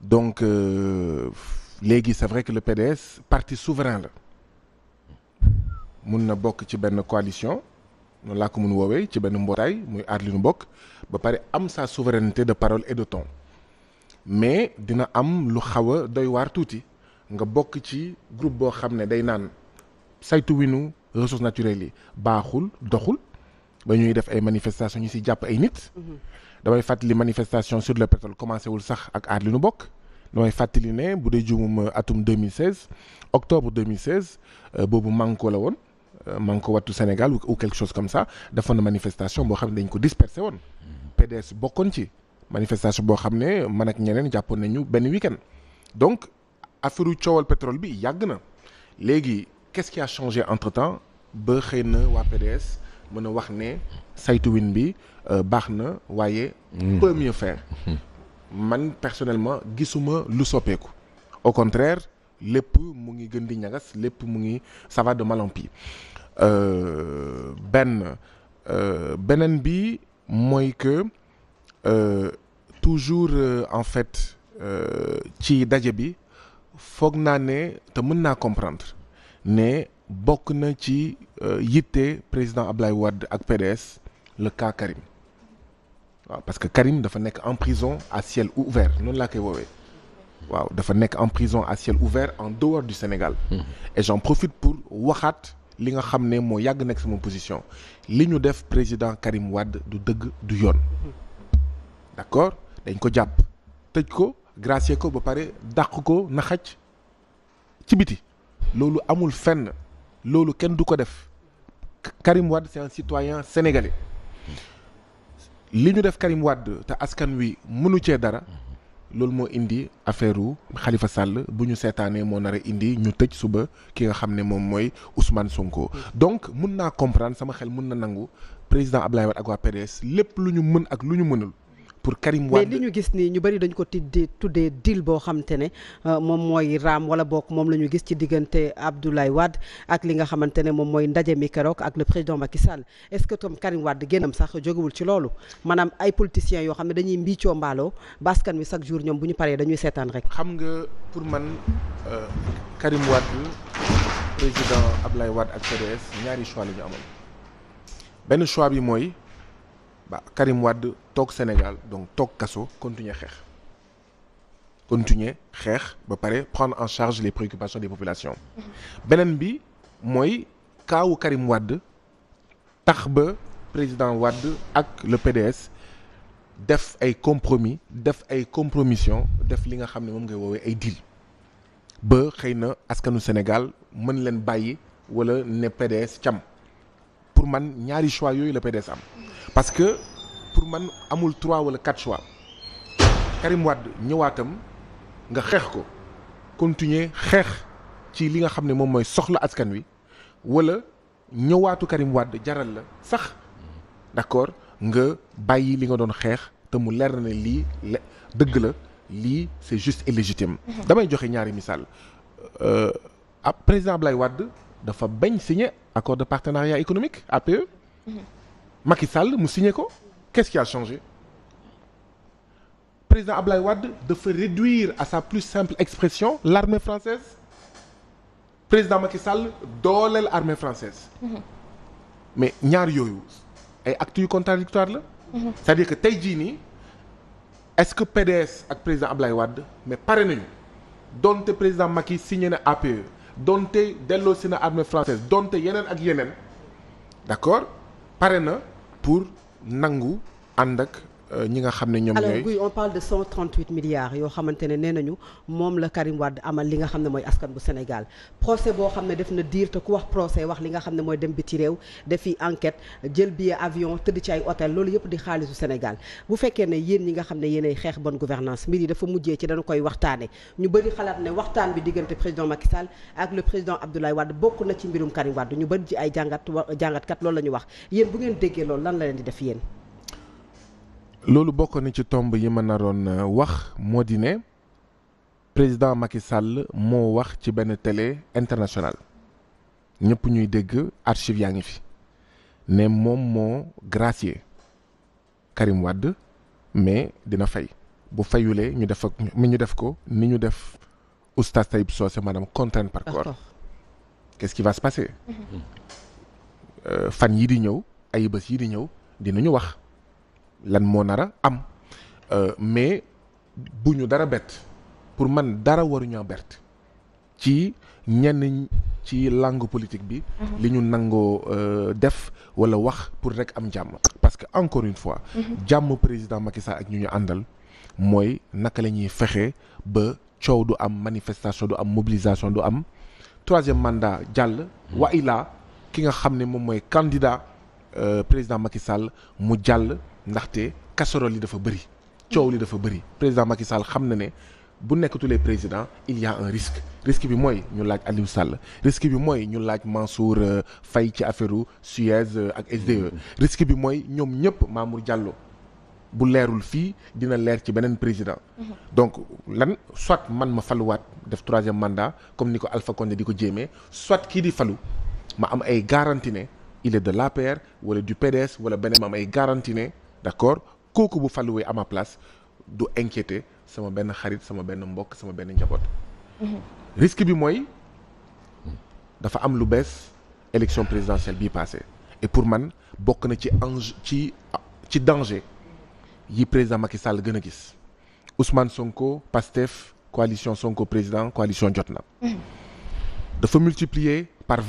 donc euh, léegi c'est vrai que le PDS parti souverain la mun na bokk ci benn coalition noonu laa ko mun woowee ci benn mbootaay muy aar li nu bokk ba pare am sa souveraineté de parole et de ton mais dina am lu xaw a doy waar tuuti nga bokk ci groupe boo xam ne day naan saytu winu ressources naturelles yi baaxul doxul ba ñuy def ay manifestation ñu si jàpp ay nit mhm. damay fàttali manifestation sur le pétrole commencé wul sax ak aar li nu bokk damay fàttali ne bu dee juumum euh, atum 2016 octobre 2016 euh, boobu manko la woon euh, manko wattu Sénégal ou quelque chose comme ça defoon na manifestation boo xam ne dañ ko dispersé woon PDS bokkoon ci manifestation boo xam ne man ak ñeneen jàppoon nañu benn week donc affaire coowal pétrole bi yàgg na léegi qu'est-ce qui a changé entre temps ba xëy na waa PDS mën a wax ne saytu win bi euh, baax na waaye. Hmm. peut mieux faire. Hmm. man personnellement gisuma lu soppeeku. au contraire lépp mu ngi gën di ñagas lépp mu ngi ça va de mal en pis euh, benn euh, beneen bi mooy que toujours en fait ci daje bi foog naa ne te mën naa comprendre ne. bokk na ci euh, yitte président Ablaye Wade ak PDS le cas Karim waaw parce que Karim dafa nekk en prison à ciel ouvert noonu laa koy woowee waaw dafa nekk en prison à ciel ouvert en dehors du Sénégal. Mm-hmm. et j'en profite pour waxaat li nga xam ne moo yàgg nekk sama position li ñu def président Karim Wade du dëgg du yoon d'accord dañ ko jàpp tëj ko gracier ko ba pare dàq ko naxaj ci biti loolu amul fenn. loolu kenn du ko def Karim Wade c'est un citoyen sénégalais li ñu def Karim Wade te askan wi mënu cee dara loolu moo indi affaire u Khalifa Sall bu ñu seetaanee moo nar indi ñu tëj suba ki nga xam ne moom mooy Ousmane Sonko. donc mun naa comprendre sama xel mun na nangu président Ablaye ak waa PDS lépp lu ñu mën ak lu ñu mënul. pour Karim Wade mais li ñu gis nii ñu bëri dañ ko tiddi tuddee deal boo xamante ne euh, moom mooy raam wala bokk moom la ñu gis ci diggante Abdoulaye Wade ak li nga xamante ne moom mooy ndaje mi keroog ak le président Macky Sall est-ce que tom Karim Wade génnam sax jógewul ci loolu maanaam ay politiciens yoo xam ne dañuy mbiicoo mbaaloo baskan wi chaque jour ñoom bu ñu paree dañuy seetaan rek. xam nga pour man euh, Karim Wade président Abdoulaye Wade ak PDS ñaari choix la ñu amoon benn mooy. ba Karim Wade toog Sénégal donc toog kaso continuer xeex continuer xeex ba pare prendre en charge les préoccupations des populations mm-hmm. beneen bi mooy kaawu Karim Wade tax ba président Wade ak le PDS def ay compromis def ay compromission def li nga xam ne moom ngay woowee ay deal ba xëy na askanu Sénégal mën leen bàyyi wala ne PDS cam pour man ñaari choix yooyu la PDS am parce que pour man amul trois wala quatre choix Karim Wade ñëwaatam nga xeex ko continuer xeex ci li nga xam ne moom mooy soxla askan wi wala ñëwaatu Karim jaral la sax d'accord nga bàyyi li nga doon xeex te mu leer na ne lii le dëgg la lii c'est juste et mhm. damay joxe ñaari misaal euh, ab ah, président Ablaye Wade dafa bañ signe accord de partenariat économique APE. Mhm. Macky Sall mu signé ko qu'est-ce a changé président Ablaye Wade dafa réduire à sa plus simple expression l'armée française président Macky Sall dooleel armée française mais ñaar yooyu ay actes yu contradictoire la cest dire que tey jii nii est-ce que PDS ak président Ablaye Wade mais pare nañu donte président Macky signe na APE donte delloo si na armée française donte yeneen ak yeneen d'accord pare na pour nangu ànd ak Euh, ñi nga xam ne ñoom ñooy alors Guy on parle de milliards yoo xamante ne nee nañu moom la Karim amal li nga xam ne mooy askan bu Sénégal procès boo xam ne def na diir te ku wax procès wax li nga xam ne mooy dem biti réew defi enquête jël billet avion tëdd ci ay hôtel loolu yëpp di xaalisu Sénégal bu fekkee ne yéen ñi nga xam ne yéenay xeex bonne gouvernance mbir yi dafa mujjee ci dañu koy waxtaane ñu bëri xalaat ne waxtaan bi diggante président Macky Sall ak le président Abdoulaye Wade na ci mbirum Karim Wade ñu bëri ci ay jàngat jàngatkat loolu la ñu wax yéen bu ngeen déggee loolu lan la di def yéen loolu bokkoon na ci tomb yi ma naroon euh, wax moo di ne président Macky Sall moo wax ci benn télé international ñëpp ñuy dégg archive yaa ngi fi ne moom moo gracier Karim Wade mais dina fay bu fayulee ñu def ak mi ñu def ko ni ñu def oustaz Taïb Socé maanaam contrainte par corps qu'est-ce qui va se passer mm-hmm. euh, fan yi di ñëw ay bés yi di ñëw dinañu wax lan moo nar a am euh, mais bu ñu dara bett pour man dara waruñoo bett ci ñenn ci langue politique bi. Mhm. li ñu nangoo euh, def walla wax pour rekk am jàmm. parce que encore une fois. Mhm. jàmm président Macky Sall ak ñu ñu àndal mooy naka lañuy fexe ba coow du am manifestation du am mobilisation du am troisième mandat jàll. Mhm. wa illah ki nga xam ne moom mooy candidat. Euh, président Macky Sall mu jàll ndaxte casserole yi dafa bëri coow li dafa bëri président Macky Sall xam na ne bu nekkatulee président il y un risque risque bi mooy ñu laaj Aliou Sall risque bi mooy ñu laaj Mansour euh, fay ci affaire Suez euh, ak SDE mm-hmm. risque bi mooy ñoom ñëpp Mamour jàlloo bu leerul fii dina leer ci beneen président mm-hmm. donc lan soit man ma faluwaat def troisième mandat comme ni ko Alpha Condé di ko jéemee soit kii di falu ma am ay garantie ne il est de l'APR wala du PDS wala beneen am ay garantie ne d'accord kooku bu fàlluwee am a place du inquiéter sama benn xarit sama benn mbokk sama benn njaboot. Mhm. risque bi mooy dafa am lu bees élection présidentielle bii passé et pour man bokk na ci enjeu ci ci danger yi président Macky Sall gën a gis Ousmane Sonko Pastef coalition Sonko président coalition Jotna. Mhm. dafa multiplier par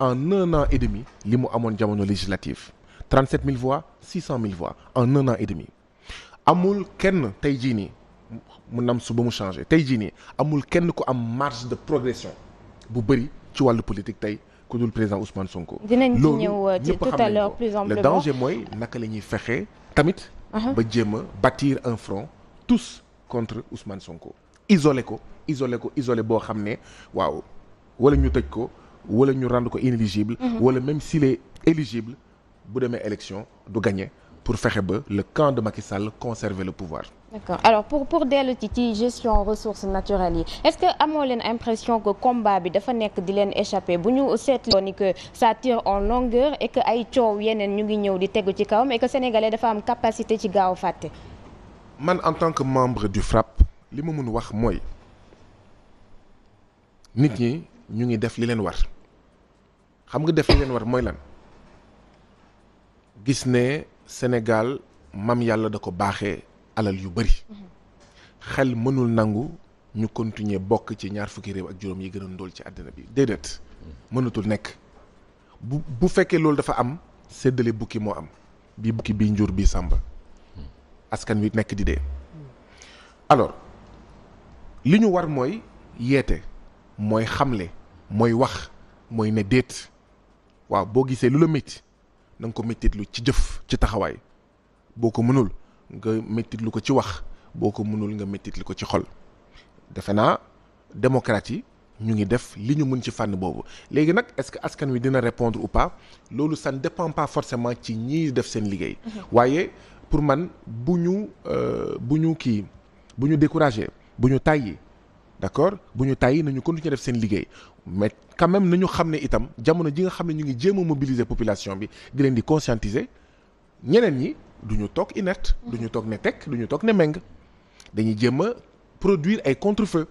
en un an et demi li mu amoon jamono législative 37 000 mille 600 000 voix en un an et demi amul kenn tey jii nii mu nam su ba mu changé tey jii nii amul kenn ku am marge de progression bu bëri ci wàllu politique tey ku dul président Ousmane Sonko. dinañ ci ñëw euh, ci tout à l'heure plus danger mooy naka la ñuy fexe tamit. ba jéem a bâtir un front tous contre Ousmane Sonko. isolé ko isolé ko isole boo xam ne waaw wala ñu tëj ko. wala ñu rend ko inéligible mhm. wala même s'il éligible bu demee élection du gagner pour fexe ba le camp de Macky Sall conserver le pouvoir d'accord alors pour pour dellu ci ci gestion ressources naturelles yi est-ce que amoo leen impression que combat bi dafa nekk di leen échapper bu ñu seetloo ni que ça tire en longueur et que ay coow yeneen ñu ngi ñëw di tegu ci kawam et que sénégalais dafa am capacité ci gaaw fàtte man en tant que membre du FRAPP li ma mun wax mooy nit ñi ñu ngi def li leen war xam nga def li leen war mooy lan gis ne Sénégal mam yàlla da ko baaxe alal yu bari xel mënul nangu ñu continuer bokk ci ñaar fukki réew ak juróom yi gën a ndóol ci àddina bi déedéet mënatul nekk bu bu fekkee loolu dafa am séddale bukki moo am bi bukki bi njur bi sàmba askan wi nekk di dee alors li ñu war mooy yeete mooy xamle mooy wax mooy ne déet waaw boo gisee lu la métti na nga ko méttitlu ci jëf ci taxawaay boo ko mënul nga méttitlu ko ci wax boo ko mënul nga méttitlu ko ci xol defe naa démocrates yi ñu ngi def li ñu mën ci fànn boobu léegi nag est-ce que askan wi dina répondre ou pas loolu ça ne dépend pas forcément ci ñii def seen liggéey. Mhm. waaye pour man bu ñu euh, bu ñu kii bu ñu découragé bu ñu tàyyi. d'accord bu ñu tàyyi nañu continuer def seen liggéey mais quand même nañu xam ne itam jamono ji nga xam ne ñu ngi jéem a mobiliser population bi di leen di conscientiser ñeneen ñi du ñu toog inerte du ñu toog ne tekk du ñu toog ne meng dañuy jéem a produire ay contre-feu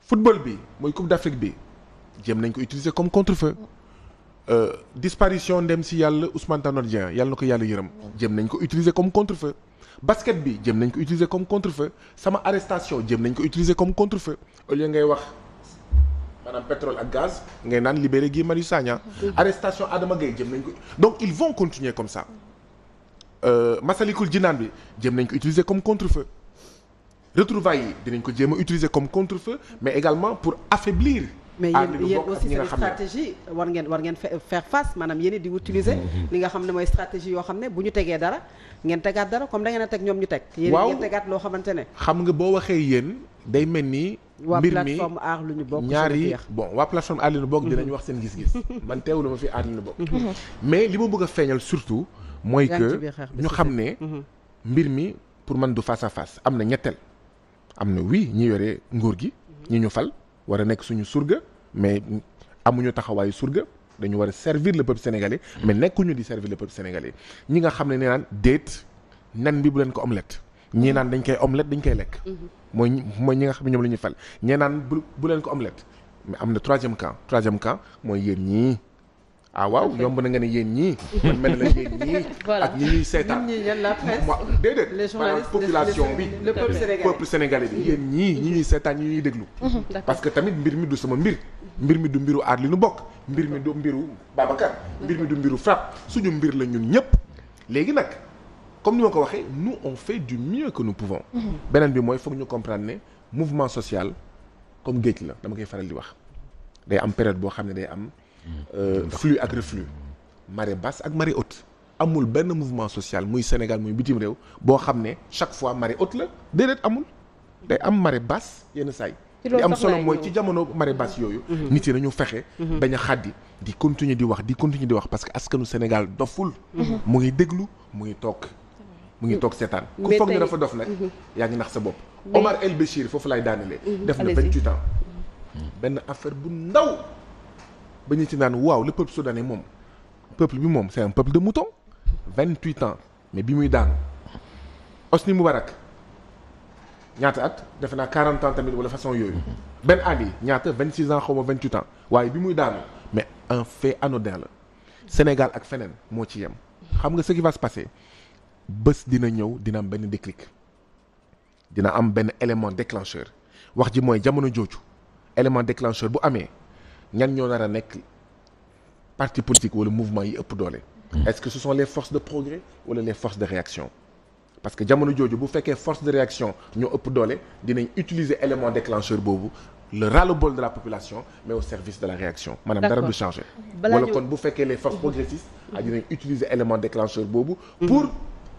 football bi mooy coupe d'Afrique bi jéem nañ ko utiliser comme contre-feu Euh, disparition ndem si yàlla Ousmane Tanor Dieng yàlla na ko yàlla yërëm jëm nañ ko utiliser comme contre-feu basket bi jëm nañ ko utiliser comme contre-feu sama arrestation jëm nañ ko utiliser comme contre-feu au ngay wax maanaam pétrole ak gaz ngay naan libéré Guy Marius Sagna arrestation Adama Gaye jëm nañ ko donc ils vont continuer comme ça euh, Masalikul Jinaan bi jëm nañ ko utiliser comme contre-feu retrouvailles yi dinañ ko jëm a utiliser comme contre-feu mais également pour affaiblir mais ah, yéen aussi seen stratégie war ngeen war ngeen faire face maanaam yéen di utiliser mm-hmm. li xam ne mooy stratégie yoo ne bu ñu tegee dara ngeen tegaat dara comme da ngeen teg ñoom ñu teg yéen ngeen loo xamante ne xam nga boo waxee yéen day mel ni mbir mi ñaar yi bon waa plateforme aar lu ñu bokk mm-hmm. dinañ wax seen gis-gis man teewlu ma fi aar lu ñu bokk mm-hmm. mais li ma a feeñal surtout mooy que ñu xam ne mbir mi pour man du face a fas am na ñetteel am na wii ñi yore nguur gi ñi ñu fal war a nekk suñu surga mais amuñu taxawaayu surga dañu war a servir le peuple sénégalais. mais nekkuñu di servir le peuple sénégalais ñi nga xam ne nee naan déet nan bi bu leen ko omelette. ñii naan dañ koy omelette dañ koy lekk. Mhm. mooy mooy ñi nga xam ne ñoom la ñuy fal ñee naan bu bu leen ko omelette mais am na troisième camp troisième camp mooy yéen ñii. ah waaw yomb na nga ne yéen ñii. man mel na yéen ñii. ak ñi ñuy seetaan ñun ñii ñan la presse. déedéet maanaam population bi. le peuple ñii ñi ñuy seetaan ñi ñuy déglu. Mhm, parce que tamit mbir mi du sama mbir. mbir mi du mbiru aar li nu bokk. mbir mi du mbiru Babacar. mbir mi du mbiru Frapp suñu mbir la ñun ñëpp. léegi nag comme ni ma ko waxee nous on fait du mieux que nous mhm. beneen bi mooy foog ñu comprendre ne mouvement social comme géej la dama koy faral di wax day am période boo xam ne day am. Euh, flux ak reflux marée bass ak marée haute amul benn mouvement social muy Sénégal muy bitim réew boo xam ne chaque fois marée haute la déedéet amul day am marée basse yenn saay li am solo mooy ci jamono marée basse yooyu mhm. nit yi nañu fexe mhm. bañ a xàddi di continuer di wax di continuer di wax parce que askanu Sénégal doful mhm. mu ngi déglu mu ngi toog mu ngi toog seetaan ku foog ne dafa dof nag yaa ngi nax sa bopp Omar El Béchir foofu lay daanelee def na vingt benn affaire bu ba ñu ci naan waaw le peuple soudanais moom peuple bi moom c'est un peuple de mouton vingt huit ans mais bi muy daanu Hosni Moubarak ñaata at defe naa quarante ans tamit wala façon yooyu Ben Ali ñaata vingt six ans xaw ma vingt huit ans waaye bi muy daanu mais un fait anodin la Sénégal ak feneen moo ci yem xam nga ce qui va se bés dina ñëw dina am benn déclic dina am benn élément déclencheur wax ji mooy jamono jooju élément déclencheur bu amee ñan ñoo nar a nekk parti politique wala mouvement yi ëpp doole. Hmm. est-ce que ce sont les forces de progrès wala les forces de réaction. parce que jamono jooju bu fekkee force de réaction ñoo ëpp doole dinañ utiliser élément déclencheur boobu le ras-le-bol de la population mais au service de la réaction maanaam dara du changer wala kon bu fekkee les forces progressistes hmm. ah dinañ utiliser élément déclencheur boobu hmm. pour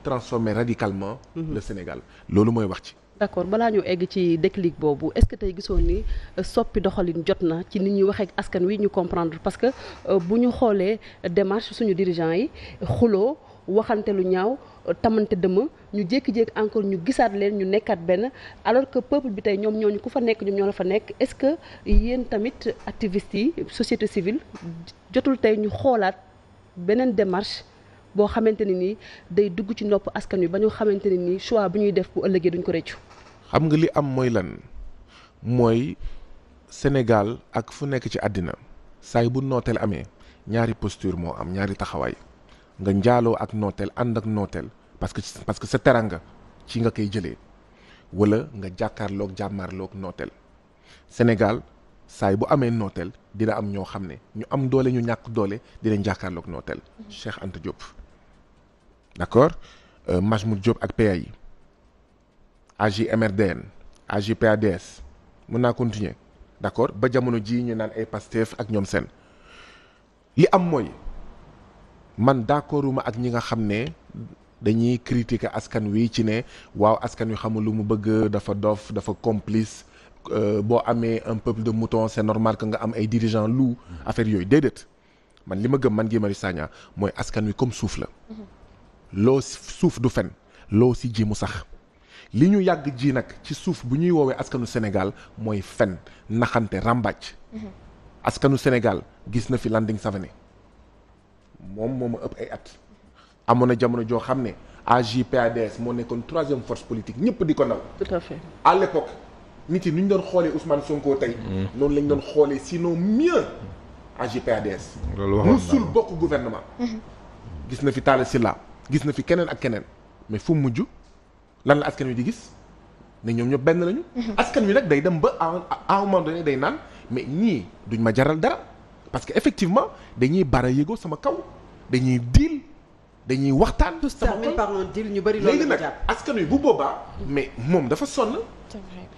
transformer radicalement le Sénégal loolu mooy wax ci d'accord balaa ñu egg ci déclic boobu est-ce que tey gisoo ni euh, soppi doxalin jot na ci nit ñuy waxee askan wi ñu comprendre parce que euh, bu ñu xoolee démarche suñu dirigeant yi xuloo waxante lu ñaaw euh, tamante dëmm ñu jékki-jékki encore ñu gisaat leen ñu nekkaat benn alors que peuple bi tey ñoom ñu ku fa nekk ñoom ñoo la fa nekk est-ce que yéen tamit activistes yi société civile jotul tey ñu xoolaat beneen démarche boo xamante ni nii day dugg ci nopp askan wi ba xamante ne nii choix bu ñuy def bu ëllëgee duñ ko rëccu xam nga li am mooy lan mooy Sénégal ak fu nekk ci àddina saay bu nooteel amee ñaari posture moo am ñaari taxawaay nga njaaloo ak nooteel ànd ak nooteel parce que parce que sa teranga ci nga koy jëlee wala nga jàkkaarloog jàmmaarloog nooteel Sénégal saay bu amee nooteel dina am ñoo xam ne ñu am doole ñu ñàkk doole dinañ jàkkaarloog nooteel mm-hmm. Cheikh Anta Diop d'accord euh, Majmout Diop ak PAI AJMRDN AJPADS mun naa continuer d'accord ba jamono jii ñu naan ay Pastef ak ñoom seen li am mooy man d'accorduma ak ñi nga xam ne dañuy critiquer askan wi ci ne waaw askan wi xamul lu mu bëgg dafa dof dafa complice euh, boo amee un peuple de mouton c'est normal que nga am ay dirigeants lu affaire yooyu déedéet man li ma gëm man Guy Marius Sagna mooy askan wi comme suuf la mm-hmm. loo suuf du fen loo si ji mu sax li ñu yàgg ji nag ci suuf bu ñuy woowee askanu Sénégal mooy fen naxante ràmbaaj mhm. askanu Sénégal gis na fi Landing Savané moom moo ma ëpp ay at amoon na jamono joo xam ne AJ/PADS moo nekkoon troisième force politique ñëpp di ko naw tout à fait nit yi nu ñu doon xoolee Ousmane Sonko tey mhm. noonu lañ doon xoolee sinon mieux AJ/PADS mu sul bokk gouvernement mhm. gis na fi Talla Sylla gis na fi keneen ak keneen mais fu mujj lan la askan wi di gis ne ñoom ñëpp benn lañu. Mhm. askan wi nag day dem ba en en moment donné day naan mais ñii duñ ma jaral dara parce que effectivement dañuy bara yëgoo sama kaw dañuy diil dañuy waxtaan. tout ça par le deal ñu bari loolu léegi nag askan wi bu boobaa. mais moom dafa sonn.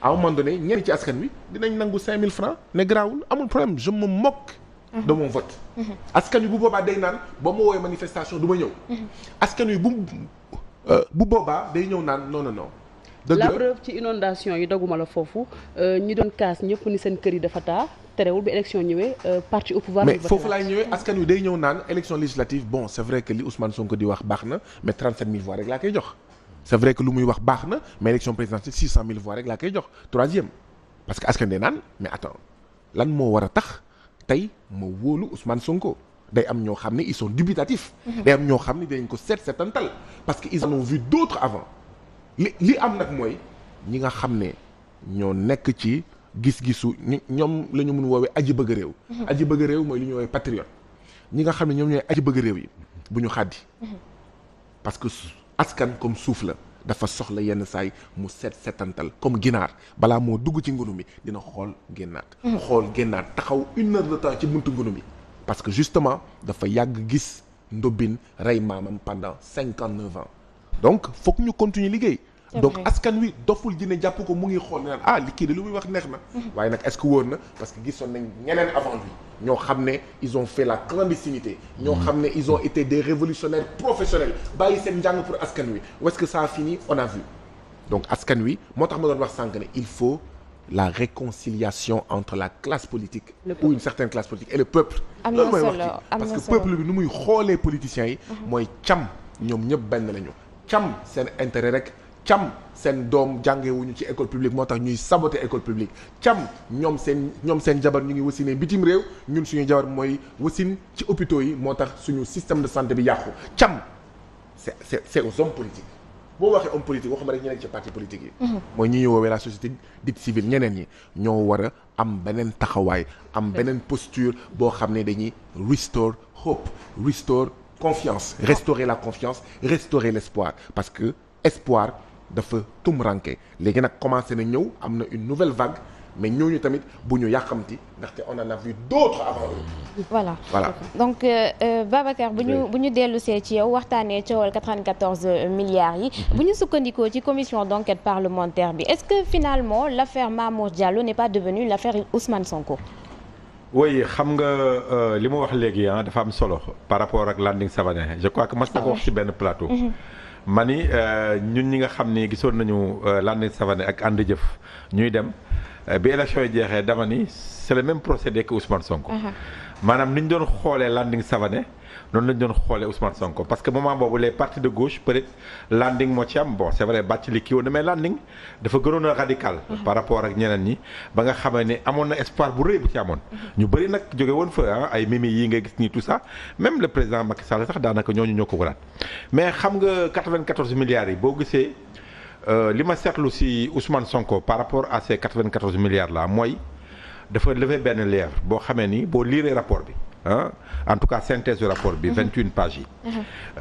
à un moment donné ñenn ci askan wi dinañ nangu 5000 francs ne garaawul amul problème je me moque. Mhm. de mon vote. Mhm. askan wi bu boobaa day naan boo ma woowee manifestation du ma ñëw. askan wi bu bu boobaa day ñëw naan non non non. dëgg la la preuve ci inondation yi doguma la foofu euh, ñi doon kaas ñëpp ni seen kër yi dafa taa terewul bi élection ñëwee euh, parti au pouvoir. mais foofu laay ñëwee askan wi day ñëw naan élection législative bon c' est vrai que li Ousmane Sonko di wax baax na mais 37000 voix rek laa koy jox. c' est vrai que lu muy wax baax na mais élection présidentielle 600000 voix rek laa koy jox troisième parce que askan day naan mais attends lan moo war a tax tey ma wóolu Ousmane Sonko. day am ñoo xam ne ils sont dubitatifs. Mhm. day am ñoo xam ne dañ ko seet seetantal parce que ison en ont vu d'autres avant li li am nag mooy ñi nga xam ne ñoo nekk ci gis-gisu ñoom lañu ñu mun woowee aji bëgg réew. Mhm. aji bëgg réew mooy li ñu woowee patriote ñi nga xam ne ñoom ñooy aji bëgg réew yi bu ñu xàddi. Mhm. parce que askan comme suuf la dafa soxla yenn saay mu seet setantal comme ginaar balaa moo dugg ci ngunu mi dina xool génnaat. xool génnaat taxaw une heure de temps ci buntu ngunu mi. parce que justement dafa yàgg gis ndobbin rey maamam pendant cinquante neuf ans donc foog ñu continuer liggéey donc askan wi doful dina jàpp ko mu ngi xool ne naan ah li lu muy wax neex na mhm. waaye nag est-ce que wóor na parce que gisoon nañ ñeneen avant lui ñoo xam ne ils ont fait la clandestinité ñoo mhm. xam ne ils ont été des révolutionnaires professionnels bàyyi seen njàng pour askan wi où est-ce que ça a fini on a donc askan wi moo tax ma doon wax sànq ne il faut la réconciliation entre la classe politique ou une certaine classe politique et le peuple loolu mooy wax ci parce que peuple bi nu muy xoolee politiciens yi mhm. mooy cam ñoom ñëpp benn lañu cam seen intérêt rek cam seen doom jàngewuñu ci école publique moo tax ñuy saboter école publique cam ñoom seen ñoom seen jabar ñu ngi wasinee bitim réew ñun suñu jabar mooy wasin ci hôpitaux yi moo tax suñu système de santé bi yàqu cam c'est c'est aux hommes politiques boo waxee homme politique waxuma rek ñu nekk ci parti politique yi. mooy ñi ñuy woowee la société dite civile ñeneen ñi ñoo war a am beneen taxawaay am beneen posture boo xam ne dañuy restore hope restore confiance restaurer la confiance restaurer l'espoir parce que espoir dafa tumranke léegi nag commencé na ñëw am na une nouvelle vague. mais ñooñu tamit bu ñu yàqamti ndaxte on en a vu d'autres avant eux. voilà voilà donc euh, euh, Babacar bu ñu bu ñu dellu see ci yow waxtaanee coowal 94 milliards yi. Mhm. bu ñu sukkandikoo ci commission d'enquête parlementaire bi est-ce que finalement l'affaire Mamour Diallo n'est pas devenue l'affaire Ousmane Sonko. oui xam nga euh, li mu wax léegi ah dafa am solo par rapport ak Landing Savané je crois que mas na ko wax ci benn plateau. Mhm. ma ni ñun ñi nga xam ni gisoon nañu Landing Savané ak ànd jëf ñuy dem. Euh, bi élection yi jeexee dama ni c'est le même procédé que Ousmane Sonko. ni ñu doon xoolee Landing Savané noonu la ñu doon xoolee Ousmane Sonko parce que moment boobu les partis de gauche peut-être Landing moo ci am bon c'est vrai bàcc li kii woon mais Landing dafa gënoon a radical. par rapport ak ñeneen ñi ba nga xamee ne amoon na espoir bu rëy bu ci amoon. ñu bëri nag jóge woon fa ah, ay mimi yi nga gis nii tout ça même le président Macky Sall sax daanaka ñooñu ñoo ko waraat mais xam nga 94 milliards yi boo gisee. Euh, li ma seetlu ci Ousmane Sonko par rapport à ces 94 la là mooy dafa lever benn leer boo xamee ni boo liiree rapport bi ah en tout cas synthèse du rapport bi. 21 mhm. pages yi. Mhm.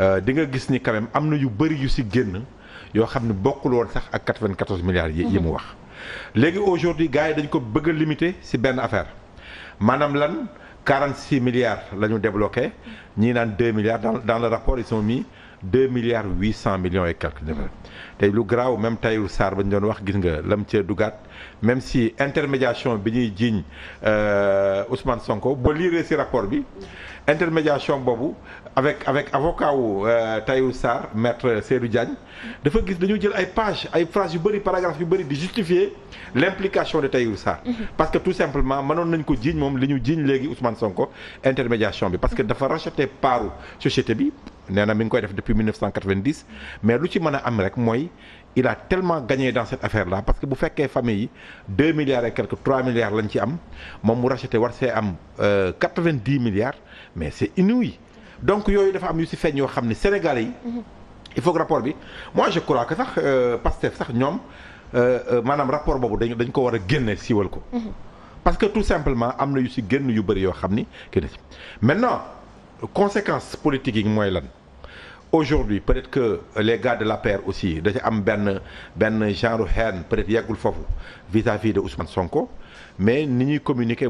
Euh, di nga gis ni quand am na yu bëri yu ci génn yoo xam ne bokkul woon sax ak 94 milliards yi. yi mu mhm. wax léegi aujourd'hui gars yi dañ ko bëgg a limiter ci benn affaire maanaam lan 46 milliards la ñu débloqué ñii naan 2 milliards dans dans le rapport ils sont mis. deux milliards huit cent millions et quelques defe tey lu garaaw même Tahirou Sarr ba ñu doon wax gis nga lam cee dugaat même si intermédiation bi ñuy jiiñ euh, Ousmane Sonko ba liiree si rapport bi intermédiation boobu avec avec avocat wu euh, Tahirou Sarr maître Seydou dafa gis dañu jël ay page ay phrase yu bari paragraphe yu bëri di justifier l'implication de Tahirou Sarr mm-hmm. parce que tout simplement mënoon nañ ko jiiñ moom li ñu jiiñ léegi ausman Sonko intermédiation bi parce que dafa racheter paru société bi nee na mi ngi koy def depuis 1990 mais lu ci mën a am rek mooy il a tellement gagné dans cette affaire là parce que bu fekkee famille yi 2 milliards et quelque 3 lañ ci am moom mu racheté war see am 90 euh, milliards mais c' est inouï donc yooyu dafa am yu si feeñ yoo xam ne Sénégalais yi. Mm-hmm. il faut que rapport bi moi je crois que sax euh, Pastef sax ñoom euh, maanaam rapport boobu dañ dañ ko war a génne siiwal ko. Mm-hmm. parce que tout simplement am na yu si génn yu bëri yoo xam ni kii na ci conséquence politique yi mooy lan aujourd'hui peut-être que les gars de l'APR aussi da ci am benn benn genre haine peut-être yeggul foofu vis-à-vis de Ousmane Sonko mais ni ñuy communiquer